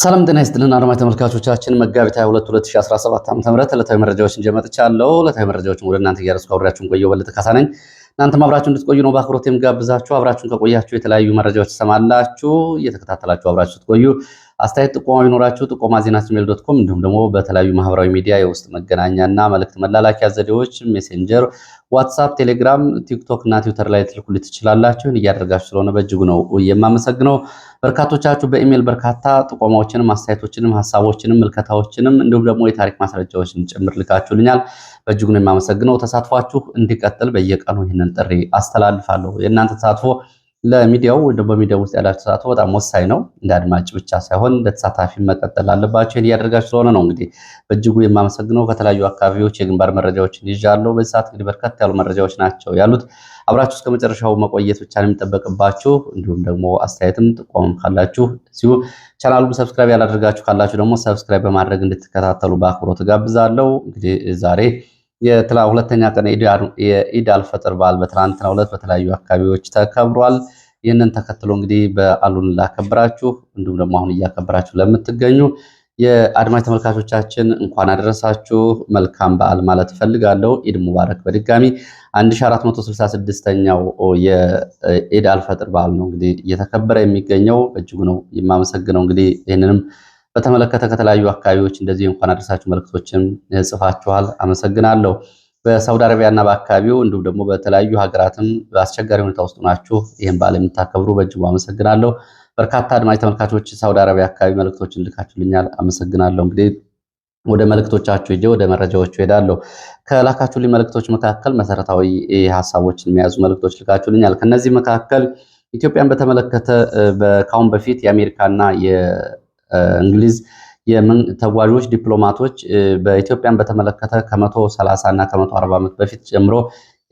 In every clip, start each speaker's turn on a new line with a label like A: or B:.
A: ሰላም ጤና ይስጥልን አድማጭ ተመልካቾቻችን፣ መጋቢት 22 2017 ም ዕለታዊ መረጃዎችን ይዤ መጥቻለሁ። ዕለታዊ መረጃዎችን ወደ እናንተ እያደረስኩ አብሬያችሁን ቆየው በለጠ ካሳ ነኝ። እናንተም አብራችሁ እንድትቆዩ ነው በአክብሮት የምጋብዛችሁ። አብራችሁን ከቆያችሁ የተለያዩ መረጃዎች ትሰማላችሁ። እየተከታተላችሁ አብራችሁ ስትቆዩ አስተያየት ጥቆማ ቢኖራችሁ ጥቆማ ዜና ጂሜል ዶት ኮም እንዲሁም ደግሞ በተለያዩ ማህበራዊ ሚዲያ የውስጥ መገናኛና መልእክት መላላኪያ ዘዴዎች ሜሴንጀር፣ ዋትሳፕ፣ ቴሌግራም፣ ቲክቶክ እና ትዊተር ላይ ትልኩልኝ ትችላላችሁን። እያደረጋችሁ ስለሆነ በእጅጉ ነው የማመሰግነው። በርካቶቻችሁ በኢሜይል በርካታ ጥቆማዎችንም፣ አስተያየቶችንም፣ ሀሳቦችንም፣ ምልከታዎችንም እንዲሁም ደግሞ የታሪክ ማስረጃዎችን ጭምር ልካችሁልኛል። በእጅጉ ነው የማመሰግነው። ተሳትፏችሁ እንዲቀጥል በየቀኑ ይህንን ጥሪ አስተላልፋለሁ። የእናንተ ተሳትፎ ለሚዲያው ወደ በሚዲያው ውስጥ ያላችሁ ተሳትፎ በጣም ወሳኝ ነው። እንደ አድማጭ ብቻ ሳይሆን እንደ ተሳታፊ መቀጠል አለባቸው። ይህን እያደረጋችሁ ስለሆነ ነው እንግዲህ በእጅጉ የማመሰግነው። ከተለያዩ አካባቢዎች የግንባር መረጃዎችን ይዣለሁ። በዚህ ሰዓት እንግዲህ በርካታ ያሉ መረጃዎች ናቸው ያሉት። አብራችሁ እስከ መጨረሻው መቆየት ብቻ ነው የሚጠበቅባችሁ። እንዲሁም ደግሞ አስተያየትም ጥቆም ካላችሁ እዚሁ ቻናሉን ሰብስክራይብ ያላደርጋችሁ ካላችሁ ደግሞ ሰብስክራይብ በማድረግ እንድትከታተሉ በአክብሮት ጋብዛለሁ። እንግዲህ ዛሬ የትላ ሁለተኛ ቀን የኢድ አልፈጥር በዓል በትናንትናው ዕለት በተለያዩ አካባቢዎች ተከብሯል። ይህንን ተከትሎ እንግዲህ በዓሉን ላከብራችሁ እንዲሁም ደግሞ አሁን እያከበራችሁ ለምትገኙ የአድማጭ ተመልካቾቻችን እንኳን አደረሳችሁ መልካም በዓል ማለት እፈልጋለሁ። ኢድ ሙባረክ። በድጋሚ 1466ኛው የኢድ አልፈጥር በዓል ነው እንግዲህ እየተከበረ የሚገኘው። በእጅጉ ነው የማመሰግነው እንግዲህ ይህንንም በተመለከተ ከተለያዩ አካባቢዎች እንደዚህ እንኳን አደረሳችሁ መልእክቶችን ጽፋችኋል፣ አመሰግናለሁ። በሳውዲ አረቢያና በአካባቢው እንዲሁም ደግሞ በተለያዩ ሀገራትም በአስቸጋሪ ሁኔታ ውስጥ ናችሁ ይህን በዓል የምታከብሩ በእጅጉ አመሰግናለሁ። በርካታ አድማጭ ተመልካቾች ሳውዲ አረቢያ አካባቢ መልእክቶችን ልካችሁልኛል፣ አመሰግናለሁ። እንግዲህ ወደ መልክቶቻችሁ እጄ ወደ መረጃዎቹ ሄዳለሁ። ከላካችሁልኝ መልክቶች መካከል መሰረታዊ ሀሳቦችን የያዙ መልክቶች ልካችሁልኛል። ከነዚህ መካከል ኢትዮጵያን በተመለከተ ከአሁን በፊት የአሜሪካና እንግሊዝ ተጓዦች ዲፕሎማቶች በኢትዮጵያን በተመለከተ ከመቶ ሰላሳ እና ከመቶ አርባ ዓመት በፊት ጀምሮ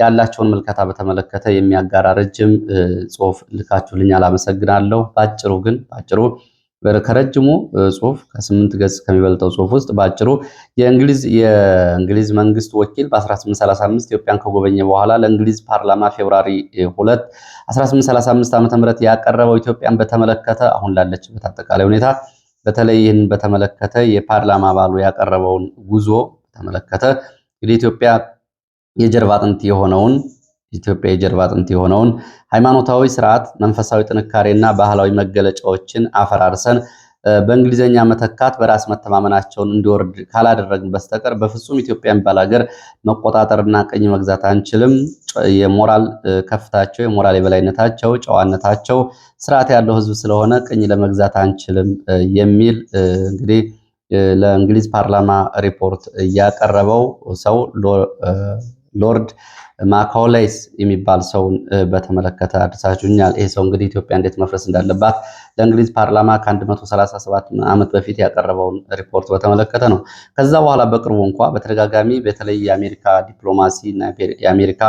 A: ያላቸውን ምልከታ በተመለከተ የሚያጋራ ረጅም ጽሁፍ ልካችሁልኛል፣ አመሰግናለሁ። ባጭሩ ግን ባጭሩ ከረጅሙ ጽሁፍ ከስምንት ገጽ ከሚበልጠው ጽሁፍ ውስጥ ባጭሩ የእንግሊዝ መንግስት ወኪል በ1835 ኢትዮጵያን ከጎበኘ በኋላ ለእንግሊዝ ፓርላማ ፌብራሪ 2 1835 ዓ ም ያቀረበው ኢትዮጵያን በተመለከተ አሁን ላለችበት አጠቃላይ ሁኔታ በተለይ ይህን በተመለከተ የፓርላማ አባሉ ያቀረበውን ጉዞ በተመለከተ እንግዲህ ኢትዮጵያ የጀርባ አጥንት የሆነውን ኢትዮጵያ የጀርባ አጥንት የሆነውን ሃይማኖታዊ ስርዓት፣ መንፈሳዊ ጥንካሬና ባህላዊ መገለጫዎችን አፈራርሰን በእንግሊዝኛ መተካት በራስ መተማመናቸውን እንዲወርድ ካላደረግን በስተቀር በፍጹም ኢትዮጵያ የሚባል ሀገር መቆጣጠርና ቀኝ መግዛት አንችልም። የሞራል ከፍታቸው፣ የሞራል የበላይነታቸው፣ ጨዋነታቸው ስርዓት ያለው ህዝብ ስለሆነ ቀኝ ለመግዛት አንችልም የሚል እንግዲህ ለእንግሊዝ ፓርላማ ሪፖርት ያቀረበው ሰው ሎርድ ማካውላይስ የሚባል ሰውን በተመለከተ አድርሳችሁኛል። ይሄ ሰው እንግዲህ ኢትዮጵያ እንዴት መፍረስ እንዳለባት ለእንግሊዝ ፓርላማ ከ137 ዓመት በፊት ያቀረበውን ሪፖርት በተመለከተ ነው። ከዛ በኋላ በቅርቡ እንኳ በተደጋጋሚ በተለይ የአሜሪካ ዲፕሎማሲ እና የአሜሪካ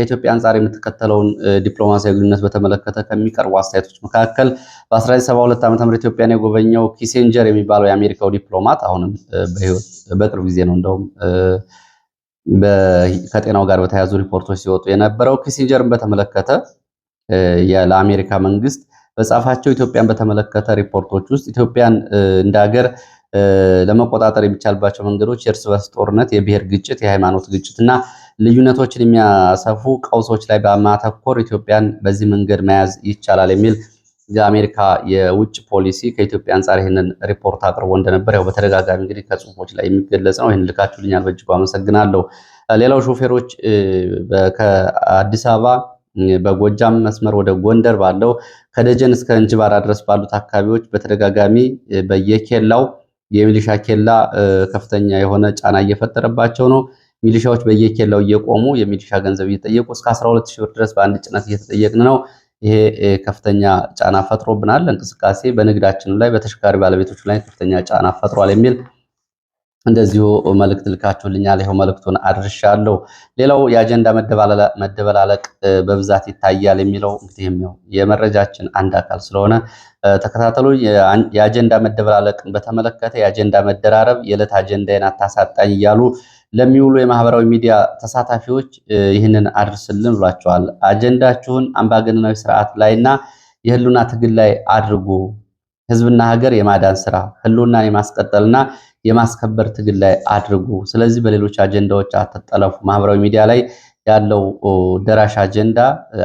A: ከኢትዮጵያ አንጻር የምትከተለውን ዲፕሎማሲያዊ ግንኙነት በተመለከተ ከሚቀርቡ አስተያየቶች መካከል በ1972 ዓ ም ኢትዮጵያን የጎበኘው ኪሴንጀር የሚባለው የአሜሪካው ዲፕሎማት አሁንም በቅርብ ጊዜ ነው እንደውም ከጤናው ጋር በተያያዙ ሪፖርቶች ሲወጡ የነበረው ኪሲንጀርን በተመለከተ ለአሜሪካ መንግስት በጻፋቸው ኢትዮጵያን በተመለከተ ሪፖርቶች ውስጥ ኢትዮጵያን እንደ ሀገር ለመቆጣጠር የሚቻልባቸው መንገዶች የእርስ በርስ ጦርነት፣ የብሔር ግጭት፣ የሃይማኖት ግጭት እና ልዩነቶችን የሚያሰፉ ቀውሶች ላይ በማተኮር ኢትዮጵያን በዚህ መንገድ መያዝ ይቻላል የሚል የአሜሪካ የውጭ ፖሊሲ ከኢትዮጵያ አንጻር ይህንን ሪፖርት አቅርቦ እንደነበር ያው በተደጋጋሚ እንግዲህ ከጽሁፎች ላይ የሚገለጽ ነው። ይህን ልካችሁልኛል፣ በእጅጉ አመሰግናለሁ። ሌላው ሾፌሮች ከአዲስ አበባ በጎጃም መስመር ወደ ጎንደር ባለው ከደጀን እስከ እንጅባራ ድረስ ባሉት አካባቢዎች በተደጋጋሚ በየኬላው የሚሊሻ ኬላ ከፍተኛ የሆነ ጫና እየፈጠረባቸው ነው። ሚሊሻዎች በየኬላው እየቆሙ የሚሊሻ ገንዘብ እየጠየቁ እስከ 12 ሺህ ብር ድረስ በአንድ ጭነት እየተጠየቅን ነው። ይሄ ከፍተኛ ጫና ፈጥሮብናል፣ እንቅስቃሴ በንግዳችን ላይ በተሽከርካሪ ባለቤቶች ላይ ከፍተኛ ጫና ፈጥሯል የሚል እንደዚሁ መልእክት ልካችሁልኛል። ይኸው መልእክቱን አድርሻለሁ። ሌላው የአጀንዳ መደበላለቅ በብዛት ይታያል የሚለው እንግዲህ የመረጃችን አንድ አካል ስለሆነ ተከታተሉ። የአጀንዳ መደበላለቅን በተመለከተ የአጀንዳ መደራረብ የዕለት አጀንዳዬን አታሳጣኝ እያሉ ለሚውሉ የማህበራዊ ሚዲያ ተሳታፊዎች ይህንን አድርስልን ብሏቸዋል። አጀንዳችሁን አምባገነናዊ ስርዓት ላይና የህልውና ትግል ላይ አድርጉ። ህዝብና ሀገር የማዳን ስራ፣ ህልውናን የማስቀጠልና የማስከበር ትግል ላይ አድርጉ። ስለዚህ በሌሎች አጀንዳዎች አትጠለፉ። ማህበራዊ ሚዲያ ላይ ያለው ደራሽ አጀንዳ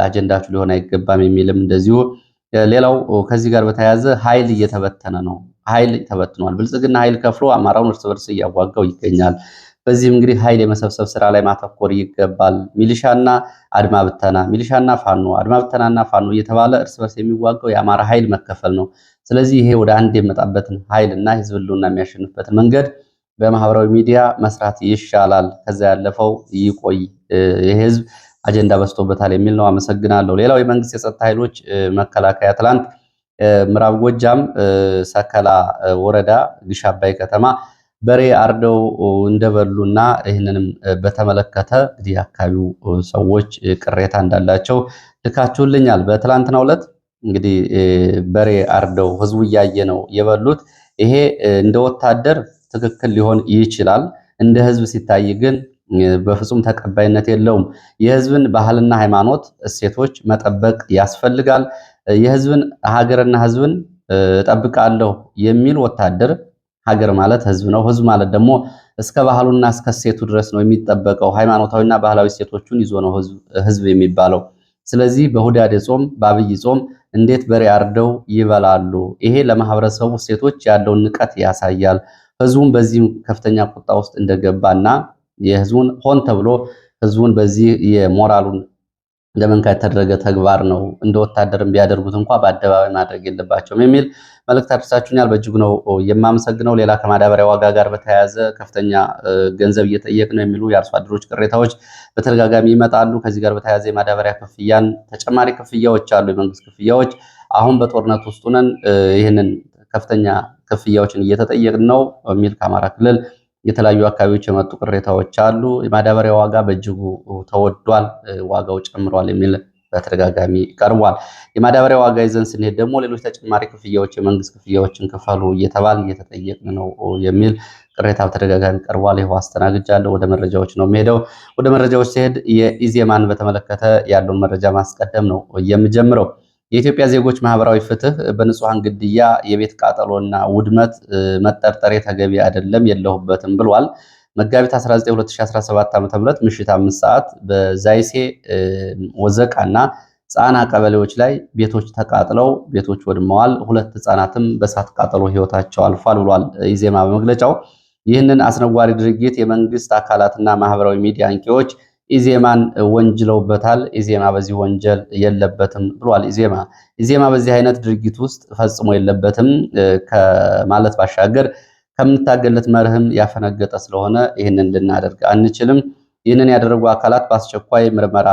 A: አጀንዳችሁ ሊሆን አይገባም የሚልም እንደዚሁ። ሌላው ከዚህ ጋር በተያያዘ ኃይል እየተበተነ ነው። ኃይል ተበትኗል። ብልጽግና ኃይል ከፍሎ አማራውን እርስ በርስ እያዋጋው ይገኛል። በዚህም እንግዲህ ኃይል የመሰብሰብ ስራ ላይ ማተኮር ይገባል። ሚሊሻና አድማ ብተና፣ ሚሊሻና ፋኖ፣ አድማ ብተናና ፋኖ እየተባለ እርስ በርስ የሚዋጋው የአማራ ኃይል መከፈል ነው። ስለዚህ ይሄ ወደ አንድ የመጣበትን ኃይል እና ህዝብ ህልውና የሚያሸንፍበትን መንገድ በማህበራዊ ሚዲያ መስራት ይሻላል። ከዛ ያለፈው ይቆይ፣ የህዝብ አጀንዳ በዝቶበታል የሚል ነው። አመሰግናለሁ። ሌላው የመንግስት የጸጥታ ኃይሎች መከላከያ ትላንት ምዕራብ ጎጃም ሰከላ ወረዳ ግሽ አባይ ከተማ በሬ አርደው እንደበሉ እና ይህንንም በተመለከተ እንግዲህ የአካባቢው ሰዎች ቅሬታ እንዳላቸው ልካችሁልኛል። በትላንትናው ዕለት እንግዲህ በሬ አርደው ህዝቡ እያየ ነው የበሉት። ይሄ እንደ ወታደር ትክክል ሊሆን ይችላል። እንደ ህዝብ ሲታይ ግን በፍጹም ተቀባይነት የለውም። የህዝብን ባህልና ሃይማኖት እሴቶች መጠበቅ ያስፈልጋል። የህዝብን ሀገርና ህዝብን እጠብቃለሁ የሚል ወታደር ሀገር ማለት ህዝብ ነው። ህዝብ ማለት ደግሞ እስከ ባህሉና እስከ ሴቱ ድረስ ነው የሚጠበቀው። ሃይማኖታዊና ባህላዊ ሴቶቹን ይዞ ነው ህዝብ የሚባለው። ስለዚህ በሁዳዴ ጾም፣ በአብይ ጾም እንዴት በሬ አርደው ይበላሉ። ይሄ ለማህበረሰቡ ሴቶች ያለውን ንቀት ያሳያል። ህዝቡን በዚህም ከፍተኛ ቁጣ ውስጥ እንደገባና የህዝቡን ሆን ተብሎ ህዝቡን በዚህ የሞራሉን ለመንካት የተደረገ ተግባር ነው። እንደ ወታደርም ቢያደርጉት እንኳ በአደባባይ ማድረግ የለባቸውም የሚል መልእክት አድርሳችሁኛል። በእጅጉ ነው የማመሰግነው። ሌላ ከማዳበሪያ ዋጋ ጋር በተያያዘ ከፍተኛ ገንዘብ እየጠየቅ ነው የሚሉ የአርሶ አደሮች ቅሬታዎች በተደጋጋሚ ይመጣሉ። ከዚህ ጋር በተያያዘ የማዳበሪያ ክፍያን ተጨማሪ ክፍያዎች አሉ፣ የመንግስት ክፍያዎች። አሁን በጦርነት ውስጥ ሆነን ይህንን ከፍተኛ ክፍያዎችን እየተጠየቅን ነው የሚል ከአማራ ክልል የተለያዩ አካባቢዎች የመጡ ቅሬታዎች አሉ። የማዳበሪያ ዋጋ በእጅጉ ተወዷል፣ ዋጋው ጨምሯል የሚል በተደጋጋሚ ቀርቧል። የማዳበሪያ ዋጋ ይዘን ስንሄድ ደግሞ ሌሎች ተጨማሪ ክፍያዎች፣ የመንግስት ክፍያዎችን ክፈሉ እየተባል እየተጠየቅን ነው የሚል ቅሬታ በተደጋጋሚ ቀርቧል። ይኸው አስተናግጃለሁ። ወደ መረጃዎች ነው የሚሄደው። ወደ መረጃዎች ሲሄድ የኢዜማን በተመለከተ ያለውን መረጃ ማስቀደም ነው የምጀምረው። የኢትዮጵያ ዜጎች ማህበራዊ ፍትህ በንጹሐን ግድያ፣ የቤት ቃጠሎና ውድመት መጠርጠሬ ተገቢ አይደለም የለሁበትም ብሏል። መጋቢት 19 2017 ዓ.ም ምሽት 5 ሰዓት በዛይሴ ወዘቃ እና ጻና ቀበሌዎች ላይ ቤቶች ተቃጥለው ቤቶች ወድመዋል። ሁለት ህጻናትም በእሳት ቃጠሎ ህይወታቸው አልፏል ብሏል ኢዜማ በመግለጫው። ይህንን አስነዋሪ ድርጊት የመንግስት አካላትና ማህበራዊ ሚዲያ አንቂዎች ኢዜማን ወንጅለውበታል። ኢዜማ በዚህ ወንጀል የለበትም ብሏል። ኢዜማ ኢዜማ በዚህ አይነት ድርጊት ውስጥ ፈጽሞ የለበትም ከማለት ባሻገር ከምንታገለት መርህም ያፈነገጠ ስለሆነ ይህንን ልናደርግ አንችልም። ይህንን ያደረጉ አካላት በአስቸኳይ ምርመራ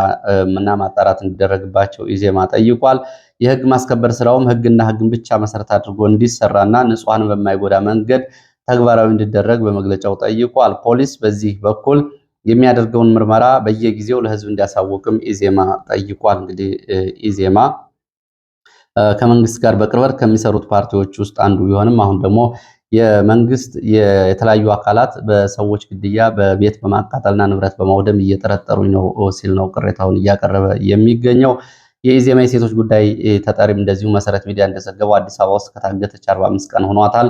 A: እና ማጣራት እንዲደረግባቸው ኢዜማ ጠይቋል። የህግ ማስከበር ስራውም ህግና ህግን ብቻ መሰረት አድርጎ እንዲሰራና ንጹሐን በማይጎዳ መንገድ ተግባራዊ እንዲደረግ በመግለጫው ጠይቋል። ፖሊስ በዚህ በኩል የሚያደርገውን ምርመራ በየጊዜው ለህዝብ እንዲያሳውቅም ኢዜማ ጠይቋል። እንግዲህ ኢዜማ ከመንግስት ጋር በቅርበት ከሚሰሩት ፓርቲዎች ውስጥ አንዱ ቢሆንም አሁን ደግሞ የመንግስት የተለያዩ አካላት በሰዎች ግድያ በቤት በማቃጠልና ንብረት በማውደም እየጠረጠሩኝ ነው ሲል ነው ቅሬታውን እያቀረበ የሚገኘው። የኢዜማ የሴቶች ጉዳይ ተጠሪም እንደዚሁ መሰረት ሚዲያ እንደዘገበው አዲስ አበባ ውስጥ ከታገተች 45 ቀን ሆኗታል።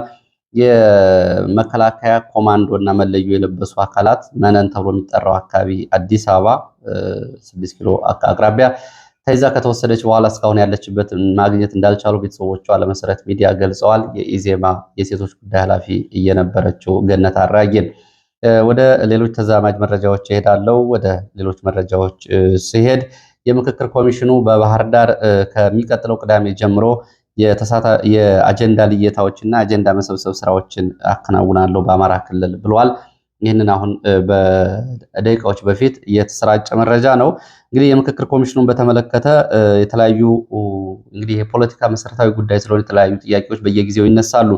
A: የመከላከያ ኮማንዶ እና መለዮ የለበሱ አካላት መነን ተብሎ የሚጠራው አካባቢ አዲስ አበባ 6 ኪሎ አቅራቢያ ተይዛ ከተወሰደች በኋላ እስካሁን ያለችበት ማግኘት እንዳልቻሉ ቤተሰቦቿ ለመሰረት ሚዲያ ገልጸዋል። የኢዜማ የሴቶች ጉዳይ ኃላፊ እየነበረችው ገነት አራጌን ወደ ሌሎች ተዛማጅ መረጃዎች እሄዳለሁ። ወደ ሌሎች መረጃዎች ሲሄድ የምክክር ኮሚሽኑ በባህር ዳር ከሚቀጥለው ቅዳሜ ጀምሮ የአጀንዳ ልየታዎችና አጀንዳ መሰብሰብ ስራዎችን አከናውናለሁ በአማራ ክልል ብሏል። ይህንን አሁን በደቂቃዎች በፊት የተሰራጨ መረጃ ነው። እንግዲህ የምክክር ኮሚሽኑን በተመለከተ የተለያዩ እንግዲህ የፖለቲካ መሰረታዊ ጉዳይ ስለሆነ የተለያዩ ጥያቄዎች በየጊዜው ይነሳሉ።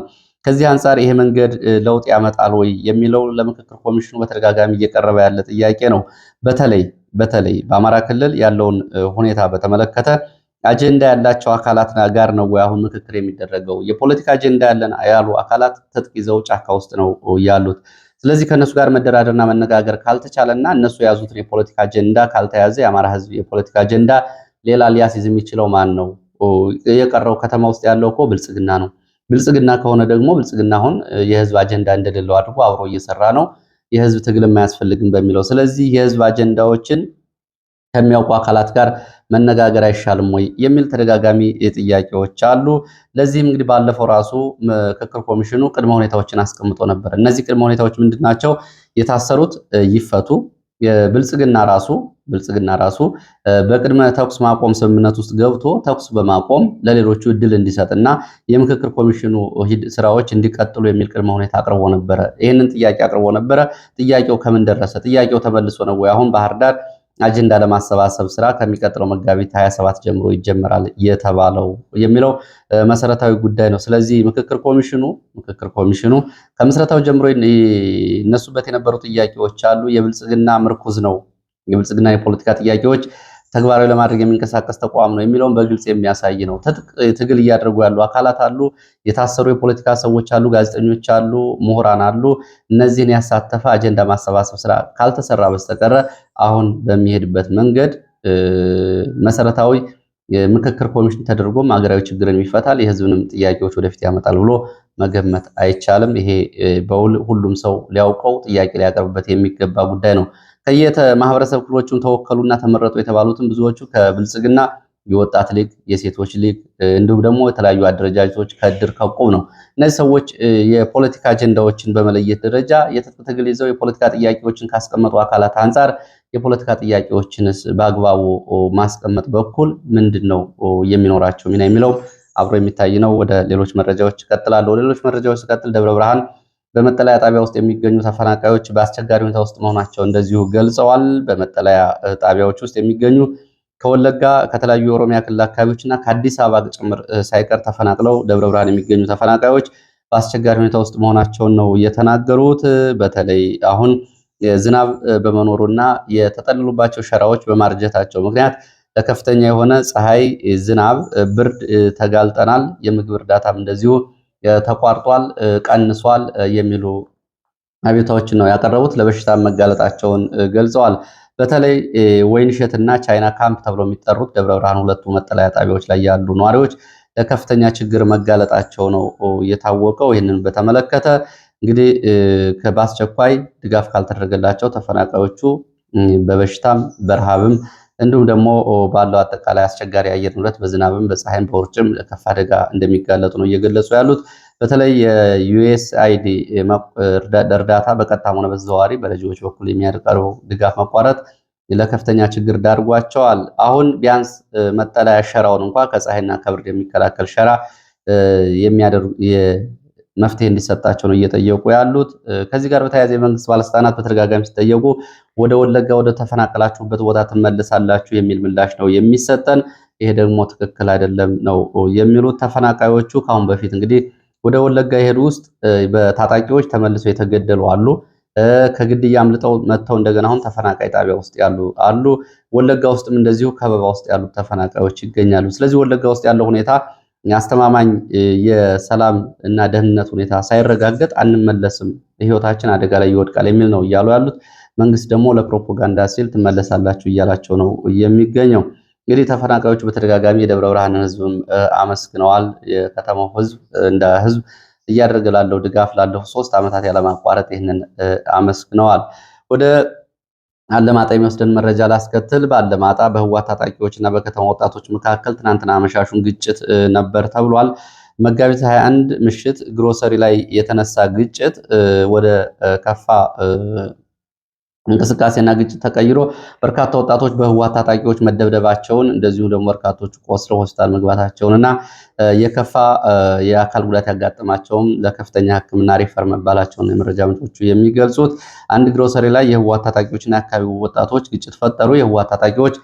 A: ከዚህ አንጻር ይሄ መንገድ ለውጥ ያመጣል ወይ የሚለው ለምክክር ኮሚሽኑ በተደጋጋሚ እየቀረበ ያለ ጥያቄ ነው። በተለይ በተለይ በአማራ ክልል ያለውን ሁኔታ በተመለከተ አጀንዳ ያላቸው አካላት ጋር ነው ወይ አሁን ምክክር የሚደረገው? የፖለቲካ አጀንዳ ያለን ያሉ አካላት ትጥቅ ይዘው ጫካ ውስጥ ነው ያሉት። ስለዚህ ከእነሱ ጋር መደራደርና መነጋገር ካልተቻለና እነሱ የያዙትን የፖለቲካ አጀንዳ ካልተያዘ የአማራ ህዝብ የፖለቲካ አጀንዳ ሌላ ሊያስይዝ የሚችለው ማን ነው? የቀረው ከተማ ውስጥ ያለው እኮ ብልጽግና ነው። ብልጽግና ከሆነ ደግሞ ብልጽግና አሁን የህዝብ አጀንዳ እንደሌለው አድርጎ አብሮ እየሰራ ነው። የህዝብ ትግልም አያስፈልግም በሚለው ስለዚህ የህዝብ አጀንዳዎችን ከሚያውቁ አካላት ጋር መነጋገር አይሻልም ወይ የሚል ተደጋጋሚ ጥያቄዎች አሉ። ለዚህም እንግዲህ ባለፈው ራሱ ምክክር ኮሚሽኑ ቅድመ ሁኔታዎችን አስቀምጦ ነበር። እነዚህ ቅድመ ሁኔታዎች ምንድን ናቸው? የታሰሩት ይፈቱ። ብልጽግና ራሱ ብልጽግና ራሱ በቅድመ ተኩስ ማቆም ስምምነት ውስጥ ገብቶ ተኩስ በማቆም ለሌሎቹ እድል እንዲሰጥና የምክክር ኮሚሽኑ ስራዎች እንዲቀጥሉ የሚል ቅድመ ሁኔታ አቅርቦ ነበረ። ይህንን ጥያቄ አቅርቦ ነበረ። ጥያቄው ከምን ደረሰ? ጥያቄው ተመልሶ ነው ወይ? አሁን ባህር ዳር አጀንዳ ለማሰባሰብ ስራ ከሚቀጥለው መጋቢት 27 ጀምሮ ይጀመራል የተባለው የሚለው መሰረታዊ ጉዳይ ነው። ስለዚህ ምክክር ኮሚሽኑ ምክክር ኮሚሽኑ ከምስረታው ጀምሮ ይነሱበት የነበሩ ጥያቄዎች አሉ። የብልጽግና ምርኩዝ ነው። የብልጽግና የፖለቲካ ጥያቄዎች ተግባራዊ ለማድረግ የሚንቀሳቀስ ተቋም ነው የሚለውን በግልጽ የሚያሳይ ነው። ትግል እያደረጉ ያሉ አካላት አሉ፣ የታሰሩ የፖለቲካ ሰዎች አሉ፣ ጋዜጠኞች አሉ፣ ምሁራን አሉ። እነዚህን ያሳተፈ አጀንዳ ማሰባሰብ ስራ ካልተሰራ በስተቀረ አሁን በሚሄድበት መንገድ መሰረታዊ ምክክር ኮሚሽን ተደርጎም ሀገራዊ ችግርን ይፈታል፣ የህዝብንም ጥያቄዎች ወደፊት ያመጣል ብሎ መገመት አይቻልም። ይሄ በውል ሁሉም ሰው ሊያውቀው ጥያቄ ሊያቀርብበት የሚገባ ጉዳይ ነው። ከየማህበረሰብ ክፍሎቹም ተወከሉና ተመረጡ የተባሉትም ብዙዎቹ ከብልጽግና የወጣት ሊግ፣ የሴቶች ሊግ እንዲሁም ደግሞ የተለያዩ አደረጃጀቶች ከድር ከቁብ ነው። እነዚህ ሰዎች የፖለቲካ አጀንዳዎችን በመለየት ደረጃ የትጥቅ ትግል ይዘው የፖለቲካ ጥያቄዎችን ካስቀመጡ አካላት አንጻር የፖለቲካ ጥያቄዎችንስ በአግባቡ ማስቀመጥ በኩል ምንድን ነው የሚኖራቸው ሚና የሚለው አብሮ የሚታይ ነው። ወደ ሌሎች መረጃዎች እቀጥላለሁ። ወደ ሌሎች መረጃዎች ስቀጥል ደብረ ብርሃን በመጠለያ ጣቢያ ውስጥ የሚገኙ ተፈናቃዮች በአስቸጋሪ ሁኔታ ውስጥ መሆናቸው እንደዚሁ ገልጸዋል። በመጠለያ ጣቢያዎች ውስጥ የሚገኙ ከወለጋ ከተለያዩ የኦሮሚያ ክልል አካባቢዎች እና ከአዲስ አበባ ጭምር ሳይቀር ተፈናቅለው ደብረ ብርሃን የሚገኙ ተፈናቃዮች በአስቸጋሪ ሁኔታ ውስጥ መሆናቸውን ነው የተናገሩት። በተለይ አሁን ዝናብ በመኖሩና የተጠለሉባቸው ሸራዎች በማርጀታቸው ምክንያት ለከፍተኛ የሆነ ፀሐይ፣ ዝናብ፣ ብርድ ተጋልጠናል። የምግብ እርዳታም እንደዚሁ ተቋርጧል፣ ቀንሷል የሚሉ አቤታዎችን ነው ያቀረቡት። ለበሽታ መጋለጣቸውን ገልጸዋል። በተለይ ወይንሸት እና ቻይና ካምፕ ተብሎ የሚጠሩት ደብረ ብርሃን ሁለቱ መጠለያ ጣቢያዎች ላይ ያሉ ነዋሪዎች ለከፍተኛ ችግር መጋለጣቸው ነው የታወቀው። ይህንን በተመለከተ እንግዲህ በአስቸኳይ ድጋፍ ካልተደረገላቸው ተፈናቃዮቹ በበሽታም በረሃብም እንዲሁም ደግሞ ባለው አጠቃላይ አስቸጋሪ አየር ንብረት በዝናብም በፀሐይም በውርጭም ለከፍ አደጋ እንደሚጋለጡ ነው እየገለጹ ያሉት። በተለይ የዩኤስአይዲ እርዳታ በቀጥታም ሆነ በተዘዋዋሪ በረጂዎች በኩል የሚያቀርበው ድጋፍ መቋረጥ ለከፍተኛ ችግር ዳርጓቸዋል። አሁን ቢያንስ መጠለያ ሸራውን እንኳ ከፀሐይና ከብርድ የሚከላከል ሸራ መፍትሄ እንዲሰጣቸው ነው እየጠየቁ ያሉት። ከዚህ ጋር በተያያዘ የመንግስት ባለስልጣናት በተደጋጋሚ ሲጠየቁ ወደ ወለጋ ወደ ተፈናቀላችሁበት ቦታ ትመልሳላችሁ የሚል ምላሽ ነው የሚሰጠን። ይሄ ደግሞ ትክክል አይደለም ነው የሚሉት ተፈናቃዮቹ። ከአሁን በፊት እንግዲህ ወደ ወለጋ የሄዱ ውስጥ በታጣቂዎች ተመልሰው የተገደሉ አሉ። ከግድያ አምልጠው መጥተው እንደገና አሁን ተፈናቃይ ጣቢያ ውስጥ ያሉ አሉ። ወለጋ ውስጥም እንደዚሁ ከበባ ውስጥ ያሉ ተፈናቃዮች ይገኛሉ። ስለዚህ ወለጋ ውስጥ ያለው ሁኔታ አስተማማኝ የሰላም እና ደህንነት ሁኔታ ሳይረጋገጥ አንመለስም፣ ህይወታችን አደጋ ላይ ይወድቃል የሚል ነው እያሉ ያሉት። መንግስት ደግሞ ለፕሮፓጋንዳ ሲል ትመለሳላችሁ እያላቸው ነው የሚገኘው። እንግዲህ ተፈናቃዮቹ በተደጋጋሚ የደብረ ብርሃንን ህዝብም አመስግነዋል። የከተማው ህዝብ እንደ ህዝብ እያደረገ ላለው ድጋፍ ላለፉት ሶስት ዓመታት ያለማቋረጥ ይህንን አመስግነዋል። ወደ አለማጣ የሚወስደን መረጃ ላስከትል። በአለማጣ በህዋት ታጣቂዎች እና በከተማ ወጣቶች መካከል ትናንትና አመሻሹን ግጭት ነበር ተብሏል። መጋቢት 21 ምሽት ግሮሰሪ ላይ የተነሳ ግጭት ወደ ከፋ እንቅስቃሴና ግጭት ተቀይሮ በርካታ ወጣቶች በህወሓት ታጣቂዎች መደብደባቸውን እንደዚሁ ደግሞ በርካቶች ቆስረው ሆስፒታል መግባታቸውን እና የከፋ የአካል ጉዳት ያጋጠማቸውም ለከፍተኛ ሕክምና ሪፈር መባላቸውን የመረጃ ምንጮቹ የሚገልጹት። አንድ ግሮሰሪ ላይ የህወሓት ታጣቂዎችና የአካባቢው ወጣቶች ግጭት ፈጠሩ። የህወሓት ታጣቂዎች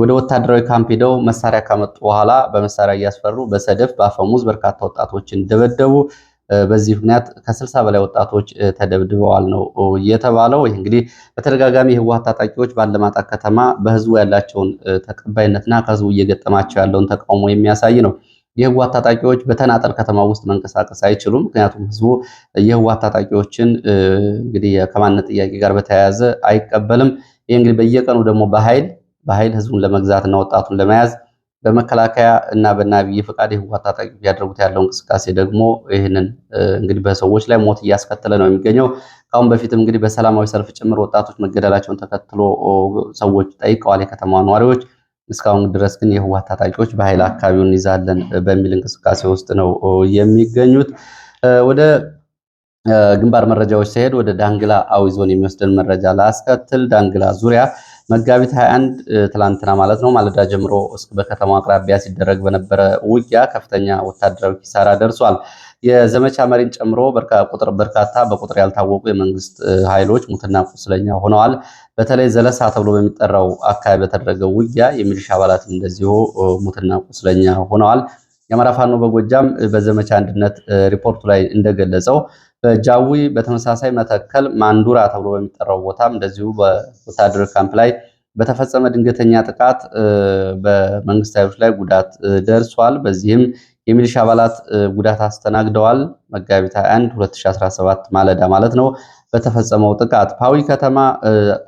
A: ወደ ወታደራዊ ካምፕ ሄደው መሳሪያ ካመጡ በኋላ በመሳሪያ እያስፈሩ በሰደፍ በአፈሙዝ በርካታ ወጣቶችን ደበደቡ። በዚህ ምክንያት ከስልሳ በላይ ወጣቶች ተደብድበዋል ነው የተባለው። ይህ እንግዲህ በተደጋጋሚ የህወሓት ታጣቂዎች በአለማጣ ከተማ በህዝቡ ያላቸውን ተቀባይነትና ከህዝቡ እየገጠማቸው ያለውን ተቃውሞ የሚያሳይ ነው። የህወሓት ታጣቂዎች በተናጠል ከተማ ውስጥ መንቀሳቀስ አይችሉም። ምክንያቱም ህዝቡ የህወሓት ታጣቂዎችን እንግዲህ ከማንነት ጥያቄ ጋር በተያያዘ አይቀበልም። ይህ እንግዲህ በየቀኑ ደግሞ በኃይል በኃይል ህዝቡን ለመግዛትና ወጣቱን ለመያዝ በመከላከያ እና በናቢ ፍቃድ ፈቃድ የህወሓት ታጣቂዎች ያደረጉት ያለው እንቅስቃሴ ደግሞ ይህንን እንግዲህ በሰዎች ላይ ሞት እያስከተለ ነው የሚገኘው። ከአሁን በፊትም እንግዲህ በሰላማዊ ሰልፍ ጭምር ወጣቶች መገደላቸውን ተከትሎ ሰዎች ጠይቀዋል የከተማ ነዋሪዎች። እስካሁን ድረስ ግን የህወሓት ታጣቂዎች በኃይል አካባቢውን ይዛለን በሚል እንቅስቃሴ ውስጥ ነው የሚገኙት። ወደ ግንባር መረጃዎች ሲሄድ ወደ ዳንግላ አዊ ዞን የሚወስደን መረጃ ላስከትል። ዳንግላ ዙሪያ መጋቢት 21 ትላንትና ማለት ነው ማለዳ ጀምሮ በከተማው አቅራቢያ ሲደረግ በነበረ ውጊያ ከፍተኛ ወታደራዊ ኪሳራ ደርሷል። የዘመቻ መሪን ጨምሮ በርካታ በቁጥር ያልታወቁ የመንግስት ኃይሎች ሙትና ቁስለኛ ሆነዋል። በተለይ ዘለሳ ተብሎ በሚጠራው አካባቢ በተደረገው ውጊያ የሚሊሻ አባላት እንደዚሁ ሙትና ቁስለኛ ሆነዋል። የአማራ ፋኖ በጎጃም በዘመቻ አንድነት ሪፖርቱ ላይ እንደገለጸው በጃዊ በተመሳሳይ መተከል ማንዱራ ተብሎ በሚጠራው ቦታም እንደዚሁ በወታደራዊ ካምፕ ላይ በተፈጸመ ድንገተኛ ጥቃት በመንግስት ኃይሎች ላይ ጉዳት ደርሷል። በዚህም የሚሊሻ አባላት ጉዳት አስተናግደዋል። መጋቢት 21 2017 ማለዳ ማለት ነው በተፈጸመው ጥቃት ፓዊ ከተማ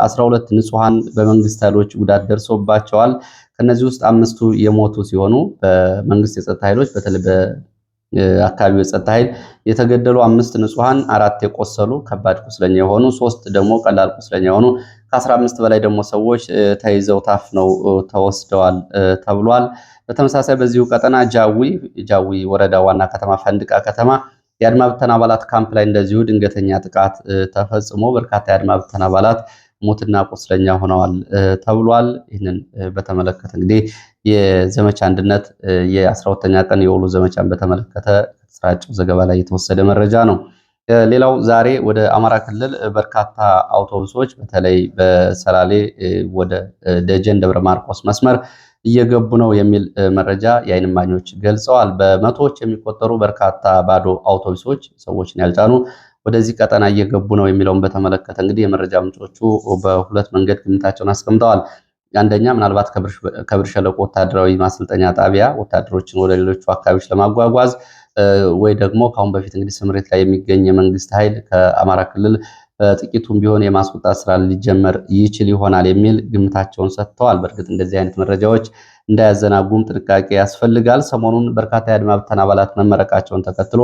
A: 12 ንጹሐን በመንግስት ኃይሎች ጉዳት ደርሶባቸዋል። ከነዚህ ውስጥ አምስቱ የሞቱ ሲሆኑ በመንግስት የጸጥታ ኃይሎች በተለይ አካባቢው የጸጥታ ኃይል የተገደሉ አምስት ንጹሐን፣ አራት የቆሰሉ ከባድ ቁስለኛ የሆኑ ሶስት ደግሞ ቀላል ቁስለኛ የሆኑ ከአስራ አምስት በላይ ደግሞ ሰዎች ተይዘው ታፍነው ተወስደዋል ተብሏል። በተመሳሳይ በዚሁ ቀጠና ጃዊ ጃዊ ወረዳ ዋና ከተማ ፈንድቃ ከተማ የአድማ ብተና አባላት ካምፕ ላይ እንደዚሁ ድንገተኛ ጥቃት ተፈጽሞ በርካታ የአድማ ብተና አባላት ሞትና ቁስለኛ ሆነዋል ተብሏል። ይህንን በተመለከተ እንግዲህ የዘመቻ አንድነት የአስራ ሁለተኛ ቀን የውሎ ዘመቻን በተመለከተ ከተሰራጨው ዘገባ ላይ የተወሰደ መረጃ ነው። ሌላው ዛሬ ወደ አማራ ክልል በርካታ አውቶቡሶች በተለይ በሰላሌ ወደ ደጀን ደብረ ማርቆስ መስመር እየገቡ ነው የሚል መረጃ የአይን እማኞች ገልጸዋል። በመቶዎች የሚቆጠሩ በርካታ ባዶ አውቶቡሶች ሰዎችን ያልጫኑ ወደዚህ ቀጠና እየገቡ ነው የሚለውን በተመለከተ እንግዲህ የመረጃ ምንጮቹ በሁለት መንገድ ግምታቸውን አስቀምጠዋል። አንደኛ ምናልባት ከብር ሸለቆ ወታደራዊ ማሰልጠኛ ጣቢያ ወታደሮችን ወደ ሌሎቹ አካባቢዎች ለማጓጓዝ ወይ ደግሞ ከአሁን በፊት እንግዲህ ስምሬት ላይ የሚገኝ የመንግስት ኃይል ከአማራ ክልል በጥቂቱም ቢሆን የማስወጣት ስራ ሊጀመር ይችል ይሆናል የሚል ግምታቸውን ሰጥተዋል። በእርግጥ እንደዚህ አይነት መረጃዎች እንዳያዘናጉም ጥንቃቄ ያስፈልጋል። ሰሞኑን በርካታ የአድማ ብተና አባላት መመረቃቸውን ተከትሎ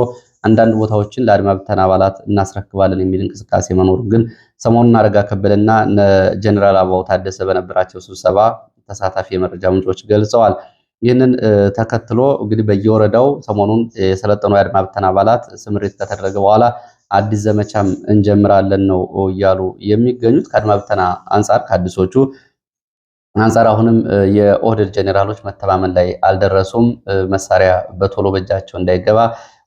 A: አንዳንድ ቦታዎችን ለአድማ ብተና አባላት እናስረክባለን የሚል እንቅስቃሴ መኖሩ ግን ሰሞኑን አረጋ ከበደና ጀኔራል አበባው ታደሰ በነበራቸው ስብሰባ ተሳታፊ የመረጃ ምንጮች ገልጸዋል። ይህንን ተከትሎ እንግዲህ በየወረዳው ሰሞኑን የሰለጠኑ የአድማ ብተና አባላት ስምሪት ከተደረገ በኋላ አዲስ ዘመቻም እንጀምራለን ነው እያሉ የሚገኙት። ከአድማ ብተና አንጻር ከአዲሶቹ አንጻር አሁንም የኦህደድ ጀኔራሎች መተማመን ላይ አልደረሱም። መሳሪያ በቶሎ በእጃቸው እንዳይገባ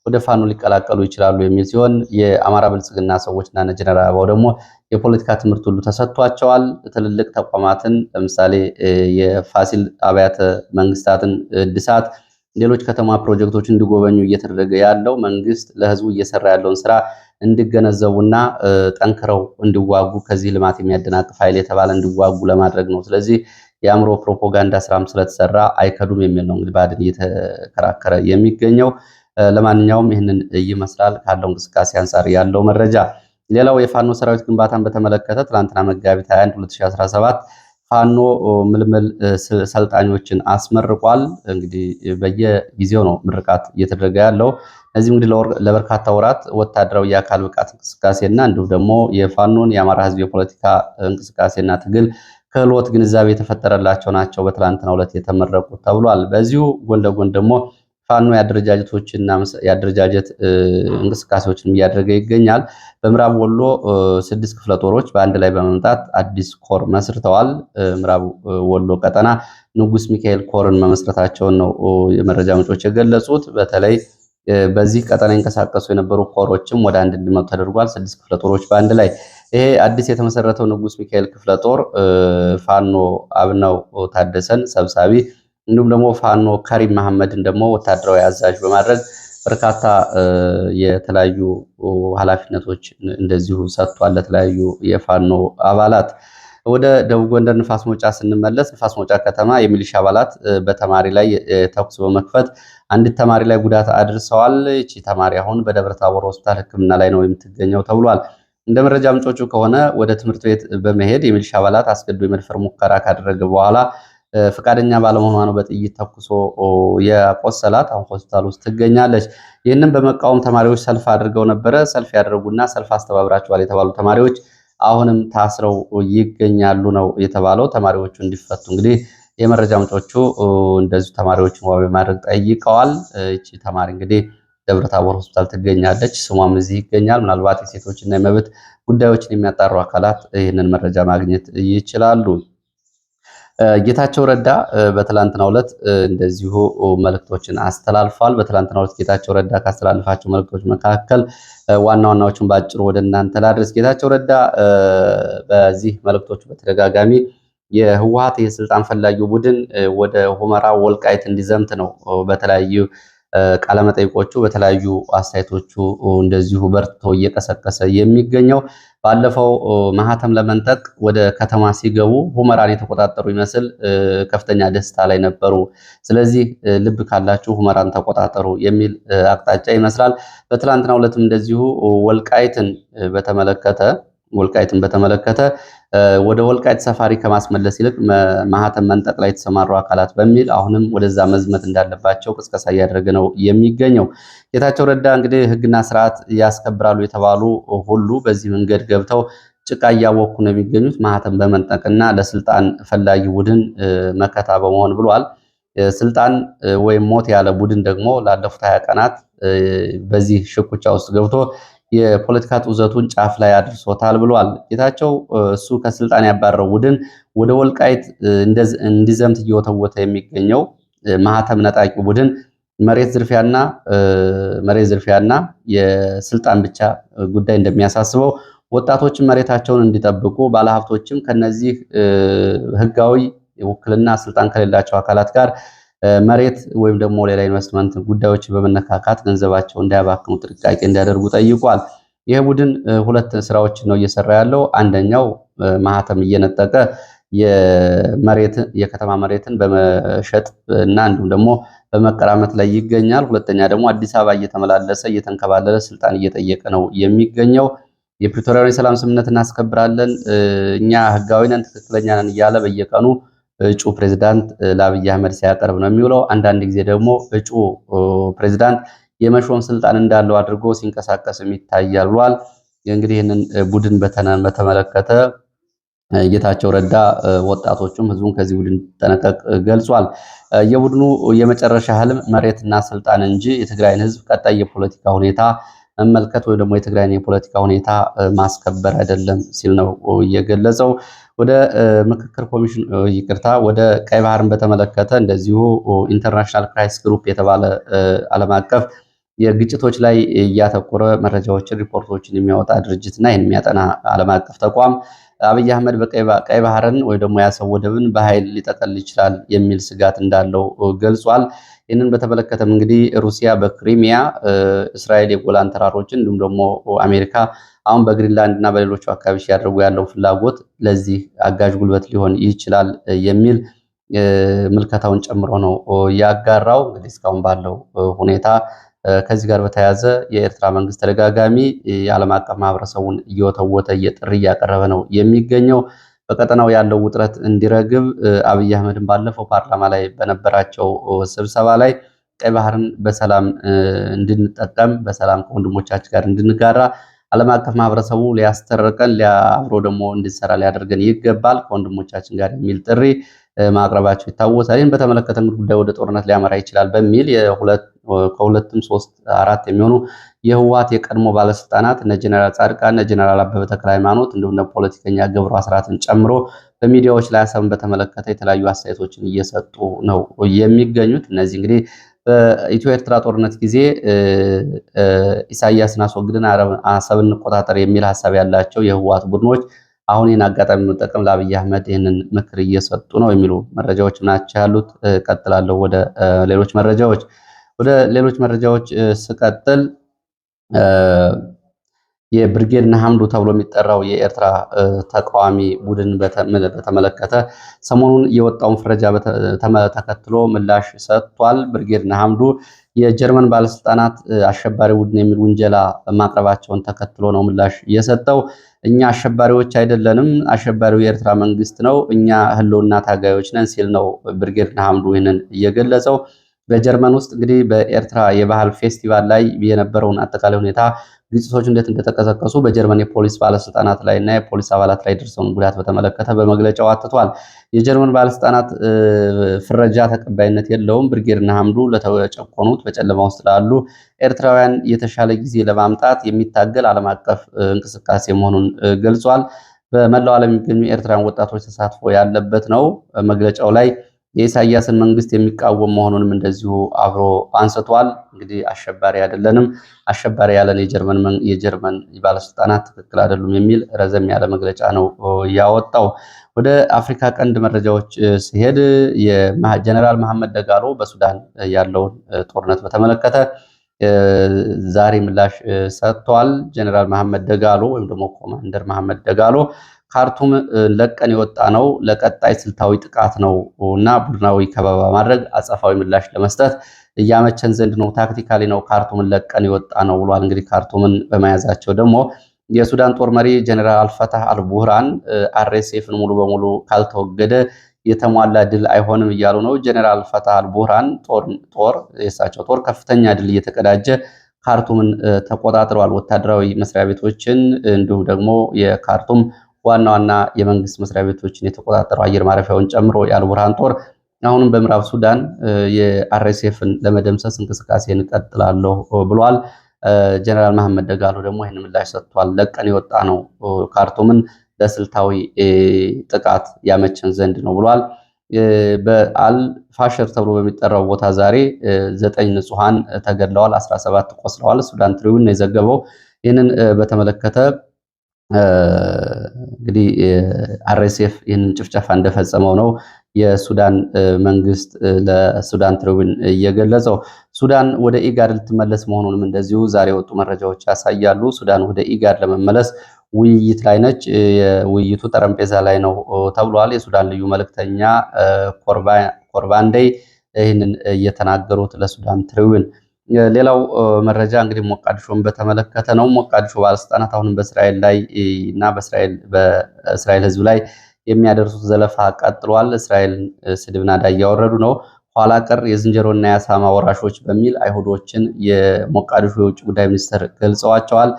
A: ወደ ፋኖ ሊቀላቀሉ ይችላሉ የሚል ሲሆን የአማራ ብልጽግና ሰዎችና እነ ጀነራል አበባው ደግሞ የፖለቲካ ትምህርት ሁሉ ተሰጥቷቸዋል። ትልልቅ ተቋማትን ለምሳሌ የፋሲል አብያተ መንግስታትን እድሳት፣ ሌሎች ከተማ ፕሮጀክቶች እንዲጎበኙ እየተደረገ ያለው መንግስት ለህዝቡ እየሰራ ያለውን ስራ እንዲገነዘቡና ጠንክረው እንዲዋጉ ከዚህ ልማት የሚያደናቅፍ ኃይል የተባለ እንዲዋጉ ለማድረግ ነው። ስለዚህ የአእምሮ ፕሮፓጋንዳ ስራም ስለተሰራ አይከዱም የሚል ነው እንግዲህ ብአዴን እየተከራከረ የሚገኘው። ለማንኛውም ይህንን ይመስላል ካለው እንቅስቃሴ አንጻር ያለው መረጃ። ሌላው የፋኖ ሰራዊት ግንባታን በተመለከተ ትናንትና መጋቢት 21 2017 ፋኖ ምልምል ሰልጣኞችን አስመርቋል። እንግዲህ በየጊዜው ነው ምርቃት እየተደረገ ያለው። እዚህ እንግዲህ ለበርካታ ወራት ወታደራዊ የአካል ብቃት እንቅስቃሴና እንዲሁም ደግሞ የፋኖን የአማራ ህዝብ የፖለቲካ እንቅስቃሴና ትግል ክህሎት ግንዛቤ የተፈጠረላቸው ናቸው በትላንትና ዕለት የተመረቁ ተብሏል። በዚሁ ጎን ለጎን ደግሞ ፋኖ የአደረጃጀቶችና የአደረጃጀት እንቅስቃሴዎችን እያደረገ ይገኛል። በምዕራብ ወሎ ስድስት ክፍለ ጦሮች በአንድ ላይ በመምጣት አዲስ ኮር መስርተዋል። ምዕራብ ወሎ ቀጠና ንጉስ ሚካኤል ኮርን መመስረታቸውን ነው የመረጃ ምንጮች የገለጹት በተለይ በዚህ ቀጠና ይንቀሳቀሱ የነበሩ ኮሮችም ወደ አንድ እንዲመጡ ተደርጓል። ስድስት ክፍለ ጦሮች በአንድ ላይ ይሄ አዲስ የተመሰረተው ንጉስ ሚካኤል ክፍለ ጦር ፋኖ አብነው ታደሰን ሰብሳቢ እንዲሁም ደግሞ ፋኖ ከሪም መሐመድን ደግሞ ወታደራዊ አዛዥ በማድረግ በርካታ የተለያዩ ኃላፊነቶች እንደዚሁ ሰጥቷል ለተለያዩ የፋኖ አባላት። ወደ ደቡብ ጎንደር ንፋስ መውጫ ስንመለስ ንፋስ መውጫ ከተማ የሚሊሻ አባላት በተማሪ ላይ ተኩስ በመክፈት አንዲት ተማሪ ላይ ጉዳት አድርሰዋል። ይቺ ተማሪ አሁን በደብረ ታቦር ሆስፒታል ሕክምና ላይ ነው የምትገኘው ተብሏል። እንደ መረጃ ምንጮቹ ከሆነ ወደ ትምህርት ቤት በመሄድ የሚሊሻ አባላት አስገድዶ የመድፈር ሙከራ ካደረገ በኋላ ፈቃደኛ ባለመሆኗ ነው በጥይት ተኩሶ የቆሰላት። አሁን ሆስፒታል ውስጥ ትገኛለች። ይህንም በመቃወም ተማሪዎች ሰልፍ አድርገው ነበረ። ሰልፍ ያደረጉና ሰልፍ አስተባብራቸዋል የተባሉ ተማሪዎች አሁንም ታስረው ይገኛሉ ነው የተባለው። ተማሪዎቹ እንዲፈቱ እንግዲህ የመረጃ ምንጮቹ እንደዚሁ ተማሪዎችን ዋቢ ማድረግ ጠይቀዋል። እቺ ተማሪ እንግዲህ ደብረታቦር ሆስፒታል ትገኛለች። ስሟም እዚህ ይገኛል። ምናልባት የሴቶችና የመብት ጉዳዮችን የሚያጣሩ አካላት ይህንን መረጃ ማግኘት ይችላሉ። ጌታቸው ረዳ በትላንትናው ዕለት እንደዚሁ መልእክቶችን አስተላልፏል። በትላንትናው ዕለት ጌታቸው ረዳ ካስተላልፋቸው መልእክቶች መካከል ዋና ዋናዎችን በአጭሩ ወደ እናንተ ላድረስ። ጌታቸው ረዳ በዚህ መልእክቶቹ በተደጋጋሚ የህወሀት የስልጣን ፈላጊ ቡድን ወደ ሁመራ ወልቃይት እንዲዘምት ነው በተለያዩ ቃለመጠይቆቹ በተለያዩ አስተያየቶቹ እንደዚሁ በርቶ እየቀሰቀሰ የሚገኘው ባለፈው ማህተም ለመንጠቅ ወደ ከተማ ሲገቡ ሁመራን የተቆጣጠሩ ይመስል ከፍተኛ ደስታ ላይ ነበሩ። ስለዚህ ልብ ካላችሁ ሁመራን ተቆጣጠሩ የሚል አቅጣጫ ይመስላል። በትላንትናው ዕለትም እንደዚሁ ወልቃይትን በተመለከተ ወልቃይትን በተመለከተ ወደ ወልቃይት ሰፋሪ ከማስመለስ ይልቅ ማህተም መንጠቅ ላይ የተሰማሩ አካላት በሚል አሁንም ወደዛ መዝመት እንዳለባቸው ቅስቀሳ እያደረገ ነው የሚገኘው። ጌታቸው ረዳ እንግዲህ ሕግና ስርዓት ያስከብራሉ የተባሉ ሁሉ በዚህ መንገድ ገብተው ጭቃ እያወኩ ነው የሚገኙት ማህተም በመንጠቅና ለስልጣን ፈላጊ ቡድን መከታ በመሆን ብሏል። ስልጣን ወይም ሞት ያለ ቡድን ደግሞ ላለፉት ሀያ ቀናት በዚህ ሽኩቻ ውስጥ ገብቶ የፖለቲካ ጡዘቱን ጫፍ ላይ አድርሶታል ብሏል። ጌታቸው እሱ ከስልጣን ያባረው ቡድን ወደ ወልቃይት እንዲዘምት እየወተወተ የሚገኘው ማህተም ነጣቂው ቡድን መሬት ዝርፊያና መሬት ዝርፊያና የስልጣን ብቻ ጉዳይ እንደሚያሳስበው ወጣቶችም መሬታቸውን እንዲጠብቁ ባለሀብቶችም ከነዚህ ህጋዊ ውክልና ስልጣን ከሌላቸው አካላት ጋር መሬት ወይም ደግሞ ሌላ ኢንቨስትመንት ጉዳዮችን በመነካካት ገንዘባቸው እንዳያባክኑ ጥንቃቄ እንዲያደርጉ ጠይቋል። ይህ ቡድን ሁለት ስራዎችን ነው እየሰራ ያለው። አንደኛው ማህተም እየነጠቀ የከተማ መሬትን በመሸጥ እና እንዲሁም ደግሞ በመቀራመት ላይ ይገኛል። ሁለተኛ ደግሞ አዲስ አበባ እየተመላለሰ እየተንከባለለ ስልጣን እየጠየቀ ነው የሚገኘው። የፕሪቶሪያውን የሰላም ስምምነት እናስከብራለን፣ እኛ ህጋዊ ነን፣ ትክክለኛ ነን እያለ በየቀኑ እጩ ፕሬዝዳንት ለአብይ አህመድ ሲያቀርብ ነው የሚውለው። አንዳንድ ጊዜ ደግሞ እጩ ፕሬዝዳንት የመሾም ስልጣን እንዳለው አድርጎ ሲንቀሳቀስም ይታያል ብሏል። እንግዲህ ይህንን ቡድን በተመለከተ ጌታቸው ረዳ ወጣቶቹም ህዝቡን ከዚህ ቡድን ጠነቀቅ ገልጿል። የቡድኑ የመጨረሻ ህልም መሬትና ስልጣን እንጂ የትግራይን ህዝብ ቀጣይ የፖለቲካ ሁኔታ መመልከት ወይ ደግሞ የትግራይን የፖለቲካ ሁኔታ ማስከበር አይደለም ሲል ነው እየገለጸው። ወደ ምክክር ኮሚሽን ይቅርታ፣ ወደ ቀይ ባህርን በተመለከተ እንደዚሁ ኢንተርናሽናል ክራይስ ግሩፕ የተባለ ዓለም አቀፍ የግጭቶች ላይ እያተኮረ መረጃዎችን ሪፖርቶችን የሚያወጣ ድርጅት እና ይህን የሚያጠና ዓለም አቀፍ ተቋም አብይ አህመድ በቀይ ባህርን ወይ ደግሞ ያሰብ ወደብን በኃይል ሊጠቀል ይችላል የሚል ስጋት እንዳለው ገልጿል። ይህንን በተመለከተም እንግዲህ ሩሲያ በክሪሚያ እስራኤል የጎላን ተራሮችን እንዲሁም ደግሞ አሜሪካ አሁን በግሪንላንድ እና በሌሎቹ አካባቢ ሲያደርጉ ያለው ፍላጎት ለዚህ አጋዥ ጉልበት ሊሆን ይችላል የሚል ምልከታውን ጨምሮ ነው ያጋራው። እንግዲህ እስካሁን ባለው ሁኔታ ከዚህ ጋር በተያያዘ የኤርትራ መንግስት ተደጋጋሚ የዓለም አቀፍ ማህበረሰቡን እየወተወተ እየጥሪ እያቀረበ ነው የሚገኘው። በቀጠናው ያለው ውጥረት እንዲረግብ አብይ አህመድን ባለፈው ፓርላማ ላይ በነበራቸው ስብሰባ ላይ ቀይ ባህርን በሰላም እንድንጠቀም በሰላም ከወንድሞቻችን ጋር እንድንጋራ ዓለም አቀፍ ማህበረሰቡ ሊያስተረቀን አብሮ ደግሞ እንዲሰራ ሊያደርገን ይገባል ከወንድሞቻችን ጋር የሚል ጥሪ ማቅረባቸው ይታወሳል። ይህን በተመለከተ እንግዲህ ጉዳይ ወደ ጦርነት ሊያመራ ይችላል በሚል የሁለት ከሁለትም ሶስት አራት የሚሆኑ የህወሓት የቀድሞ ባለስልጣናት እነ ጀነራል ጻድቃን እነ ጀነራል አበበ ተክለ ሃይማኖት እንዲሁም ፖለቲከኛ ገብሩ አስራትን ጨምሮ በሚዲያዎች ላይ አሰብን በተመለከተ የተለያዩ አስተያየቶችን እየሰጡ ነው የሚገኙት። እነዚህ እንግዲህ በኢትዮ ኤርትራ ጦርነት ጊዜ ኢሳያስን አስወግድን አሰብን እንቆጣጠር የሚል ሀሳብ ያላቸው የህወሓት ቡድኖች አሁን ይህን አጋጣሚ መጠቀም ለአብይ አህመድ ይህንን ምክር እየሰጡ ነው የሚሉ መረጃዎች ናቸው ያሉት። ቀጥላለሁ ወደ ሌሎች መረጃዎች ወደ ሌሎች መረጃዎች ስቀጥል የብርጌድ ሐምዱ ተብሎ የሚጠራው የኤርትራ ተቃዋሚ ቡድን በተመለከተ ሰሞኑን የወጣውን ፍረጃ ተከትሎ ምላሽ ሰጥቷል። ብርጌድ ሐምዱ የጀርመን ባለስልጣናት አሸባሪ ቡድን የሚል ውንጀላ ማቅረባቸውን ተከትሎ ነው ምላሽ የሰጠው። እኛ አሸባሪዎች አይደለንም፣ አሸባሪው የኤርትራ መንግስት ነው፣ እኛ ህልውና ታጋዮች ነን ሲል ነው ብርጌድ ሐምዱ ይህንን እየገለጸው በጀርመን ውስጥ እንግዲህ በኤርትራ የባህል ፌስቲቫል ላይ የነበረውን አጠቃላይ ሁኔታ ግጭቶች እንዴት እንደተቀሰቀሱ በጀርመን የፖሊስ ባለስልጣናት ላይ እና የፖሊስ አባላት ላይ ደርሰውን ጉዳት በተመለከተ በመግለጫው አትቷል። የጀርመን ባለስልጣናት ፍረጃ ተቀባይነት የለውም፣ ብርጌርና ሐምዱ ለተጨቆኑት በጨለማ ውስጥ ላሉ ኤርትራውያን የተሻለ ጊዜ ለማምጣት የሚታገል ዓለም አቀፍ እንቅስቃሴ መሆኑን ገልጿል። በመላው ዓለም የሚገኙ ኤርትራውያን ወጣቶች ተሳትፎ ያለበት ነው መግለጫው ላይ የኢሳያስን መንግስት የሚቃወም መሆኑንም እንደዚሁ አብሮ አንስቷል። እንግዲህ አሸባሪ አይደለንም፣ አሸባሪ ያለን የጀርመን ባለስልጣናት ትክክል አይደሉም የሚል ረዘም ያለ መግለጫ ነው ያወጣው። ወደ አፍሪካ ቀንድ መረጃዎች ሲሄድ ጀነራል መሐመድ ደጋሎ በሱዳን ያለውን ጦርነት በተመለከተ ዛሬ ምላሽ ሰጥቷል። ጀነራል መሐመድ ደጋሎ ወይም ደግሞ ኮማንደር መሐመድ ደጋሎ ካርቱም ለቀን የወጣ ነው ለቀጣይ ስልታዊ ጥቃት ነው እና ቡድናዊ ከበባ ማድረግ አጸፋዊ ምላሽ ለመስጠት እያመቸን ዘንድ ነው። ታክቲካሊ ነው ካርቱምን ለቀን የወጣ ነው ብሏል። እንግዲህ ካርቱምን በመያዛቸው ደግሞ የሱዳን ጦር መሪ ጀኔራል አልፈታህ አልቡህራን አርኤስኤፍን ሙሉ በሙሉ ካልተወገደ የተሟላ ድል አይሆንም እያሉ ነው። ጀኔራል ፈታህ አልቡህራን ጦር የእሳቸው ጦር ከፍተኛ ድል እየተቀዳጀ ካርቱምን ተቆጣጥረዋል። ወታደራዊ መስሪያ ቤቶችን እንዲሁም ደግሞ የካርቱም ዋና ዋና የመንግስት መስሪያ ቤቶችን የተቆጣጠረው አየር ማረፊያውን ጨምሮ የአልቡርሃን ጦር አሁንም በምዕራብ ሱዳን የአርኤስኤፍን ለመደምሰስ እንቅስቃሴን እቀጥላለሁ ብሏል። ጀነራል መሐመድ ደጋሎ ደግሞ ይህን ምላሽ ሰጥቷል። ለቀን የወጣ ነው ካርቱምን ለስልታዊ ጥቃት ያመችን ዘንድ ነው ብሏል። በአልፋሸር ተብሎ በሚጠራው ቦታ ዛሬ ዘጠኝ ንጹሐን ተገድለዋል፣ 17 ቆስለዋል። ሱዳን ትሪቡን ነው የዘገበው። ይህንን በተመለከተ እንግዲህ አርኤስኤፍ ይህንን ጭፍጨፋ እንደፈጸመው ነው የሱዳን መንግስት ለሱዳን ትሪቡን እየገለጸው። ሱዳን ወደ ኢጋድ ልትመለስ መሆኑንም እንደዚሁ ዛሬ የወጡ መረጃዎች ያሳያሉ። ሱዳን ወደ ኢጋድ ለመመለስ ውይይት ላይ ነች። የውይይቱ ጠረጴዛ ላይ ነው ተብሏል። የሱዳን ልዩ መልእክተኛ ኮርባንዴይ ይህንን እየተናገሩት ለሱዳን ትሪቡን ሌላው መረጃ እንግዲህ ሞቃዲሾን በተመለከተ ነው። ሞቃዲሾ ባለስልጣናት አሁንም በእስራኤል ላይ እና በእስራኤል ሕዝብ ላይ የሚያደርሱት ዘለፋ ቀጥሏል። እስራኤል ስድብ ናዳ እያወረዱ ነው። ኋላ ቀር የዝንጀሮና የአሳማ ወራሾች በሚል አይሁዶችን የሞቃዲሾ የውጭ ጉዳይ ሚኒስትር ገልጸዋቸዋል።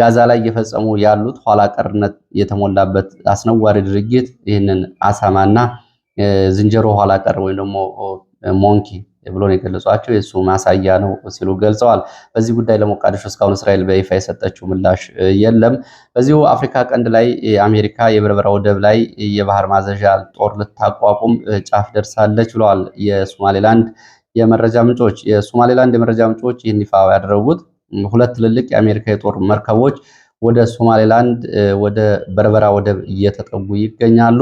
A: ጋዛ ላይ እየፈጸሙ ያሉት ኋላ ቀርነት የተሞላበት አስነዋሪ ድርጊት ይህንን አሳማና ዝንጀሮ ኋላ ቀር ወይም ደግሞ ሞንኪ ብሎ የገለጿቸው የእሱ ማሳያ ነው ሲሉ ገልጸዋል። በዚህ ጉዳይ ለሞቃዲሾ እስካሁን እስራኤል በይፋ የሰጠችው ምላሽ የለም። በዚሁ አፍሪካ ቀንድ ላይ አሜሪካ የበርበራ ወደብ ላይ የባህር ማዘዣ ጦር ልታቋቁም ጫፍ ደርሳለች ብለዋል የሶማሌላንድ የመረጃ ምንጮች። የሶማሌላንድ የመረጃ ምንጮች ይህን ይፋ ያደረጉት ሁለት ትልልቅ የአሜሪካ የጦር መርከቦች ወደ ሶማሌላንድ ወደ በርበራ ወደብ እየተጠጉ ይገኛሉ።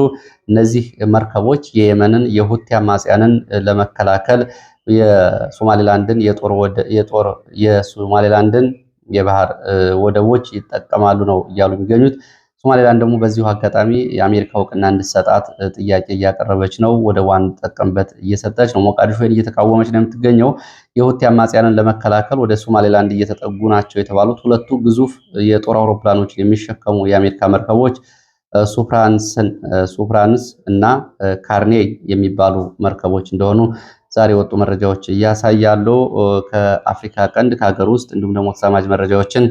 A: እነዚህ መርከቦች የየመንን የሁቲ አማጽያንን ለመከላከል የሶማሌላንድን የጦር የጦር የሶማሌላንድን የባህር ወደቦች ይጠቀማሉ ነው እያሉ የሚገኙት። ሶማሌላንድ ደግሞ በዚሁ አጋጣሚ የአሜሪካ እውቅና እንድሰጣት ጥያቄ እያቀረበች ነው። ወደ ዋን ጠቀምበት እየሰጠች ነው። ሞቃዲሾ ወይን እየተቃወመች ነው የምትገኘው። የሁቲ አማጽያንን ለመከላከል ወደ ሶማሌላንድ እየተጠጉ ናቸው የተባሉት ሁለቱ ግዙፍ የጦር አውሮፕላኖች የሚሸከሙ የአሜሪካ መርከቦች ሱፕራንስ እና ካርኔይ የሚባሉ መርከቦች እንደሆኑ ዛሬ የወጡ መረጃዎች እያሳያሉ። ከአፍሪካ ቀንድ ከሀገር ውስጥ እንዲሁም ደግሞ ተዛማጅ መረጃዎችን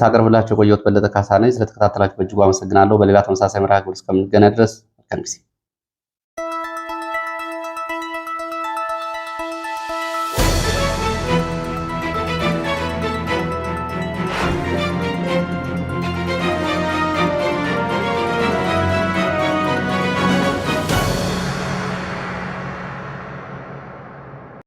A: ሳቀርብላቸው የቆየሁት በለጠ ካሳ ነኝ። ስለተከታተላችሁ በእጅጉ አመሰግናለሁ። በሌላ ተመሳሳይ መርሃ ግብር እስከምንገናኝ ድረስ መልካም ጊዜ